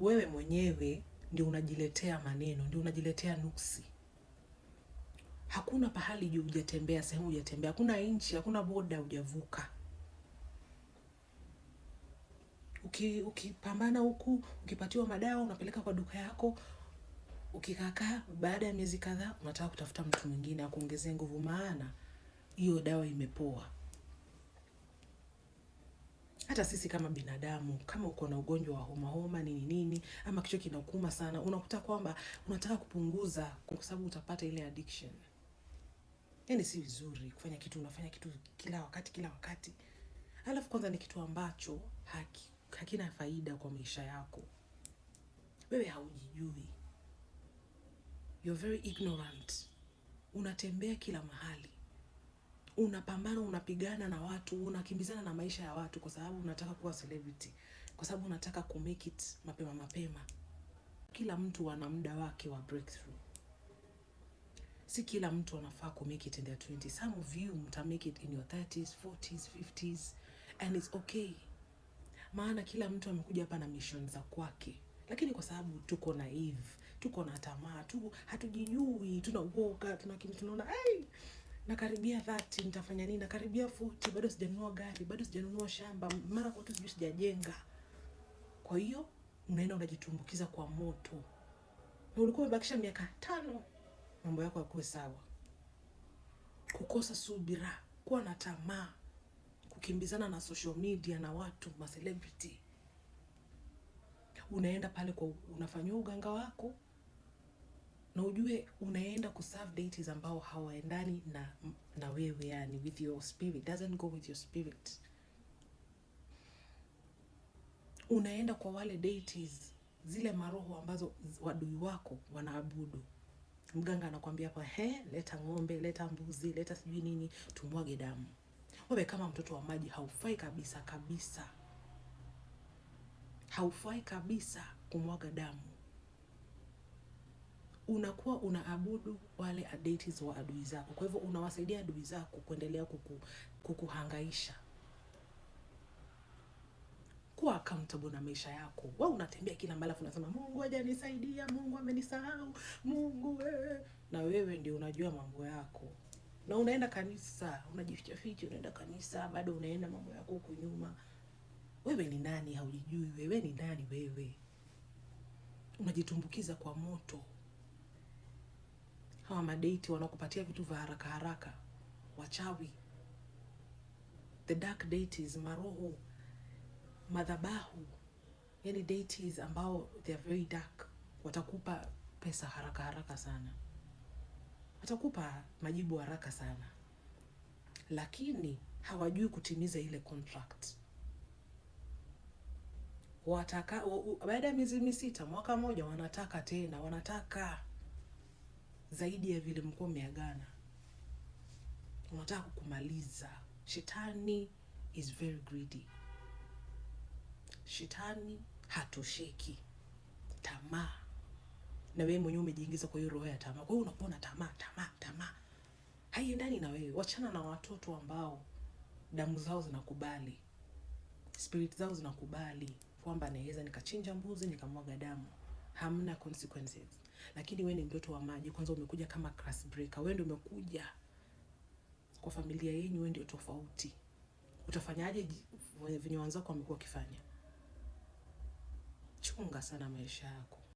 wewe mwenyewe ndio unajiletea maneno, ndio unajiletea nuksi. Hakuna pahali juu hujatembea, sehemu hujatembea, hakuna nchi, hakuna boda hujavuka. Uki, ukipambana huku ukipatiwa madawa unapeleka kwa duka yako, ukikakaa, baada ya miezi kadhaa unataka kutafuta mtu mwingine akuongezee nguvu, maana hiyo dawa imepoa. Hata sisi kama binadamu, kama uko na ugonjwa wa homa homa nini nini kama kichwa kinakuuma sana, unakuta kwamba unataka kupunguza kwa sababu utapata ile addiction. Yani si vizuri kufanya kitu, unafanya kitu kila wakati kila wakati, alafu kwanza ni kitu ambacho haki, hakina faida kwa maisha yako. Wewe haujijui, you're very ignorant. Unatembea kila mahali, unapambana, unapigana na watu, unakimbizana na maisha ya watu kwa sababu unataka kuwa celebrity, kwa sababu unataka ku make it mapema mapema, kila mtu ana muda wake wa breakthrough. Si kila mtu anafaa ku make it in their 20s. Some of you mta make it in your 30s, 40s, 50s and it's okay. Maana kila mtu amekuja hapa na mission za kwake, lakini kwa sababu tuko naive, tuko na tamaa tu, hatujijui, tunauoga, tunakimbia, tunaona hey, nakaribia 30 nitafanya nini? Nakaribia 40 bado sijanunua gari, bado sijanunua shamba, mara kwa tu sijajenga. Kwa hiyo unaenda unajitumbukiza kwa moto, na ulikuwa umebakisha miaka tano. Mambo yako yakuwe sawa. Kukosa subira, kuwa na tamaa, kukimbizana na social media na watu ma celebrity, unaenda pale kwa unafanyia uganga wako na ujue unaenda serve deities ambao hawaendani na na wewe, yani with your spirit doesn't go with your spirit unaenda kwa wale deities, zile maroho ambazo wadui wako wanaabudu. Mganga anakwambia hapa, he, leta ng'ombe, leta mbuzi, leta sijui nini, tumwage damu. Wewe kama mtoto wa maji haufai kabisa kabisa, haufai kabisa kumwaga damu. Unakuwa unaabudu wale deities wa adui zako, kwa hivyo unawasaidia adui zako kuendelea kuku, kukuhangaisha kuwa accountable na maisha yako. Wewe unatembea kila mahali afu unasema Mungu hajanisaidia, Mungu amenisahau, Mungu eh. Na wewe ndio unajua mambo yako na unaenda kanisa unajificha ficha, unaenda kanisa bado unaenda mambo yako huko nyuma. Wewe ni nani? Haujijui wewe ni nani? Wewe unajitumbukiza kwa moto. Hawa madeiti wanakupatia vitu vya haraka haraka, wachawi, the dark deities, maroho madhabahu, yani deities ambao they are very dark, watakupa pesa haraka haraka sana, watakupa majibu haraka sana, lakini hawajui kutimiza ile contract. Wataka baada ya miezi misita, mwaka mmoja, wanataka tena, wanataka zaidi ya vile mko meagana, wanataka kukumaliza. Shetani is very greedy shetani hatosheki. Tamaa na wewe mwenyewe umejiingiza kwa hiyo roho ya tamaa. Kwa hiyo unakuwa na tamaa, tamaa, tamaa haiendani na wewe. Wachana na watoto ambao damu zao zinakubali, spirit zao zinakubali kwamba naweza nikachinja mbuzi nikamwaga damu, hamna consequences. Lakini wewe ni mtoto wa maji, kwanza umekuja kama class breaker. Wewe ndio umekuja kwa familia yenu, wewe ndio tofauti. Utafanyaje venye wanzako wamekuwa wakifanya? chunga sana maisha yako.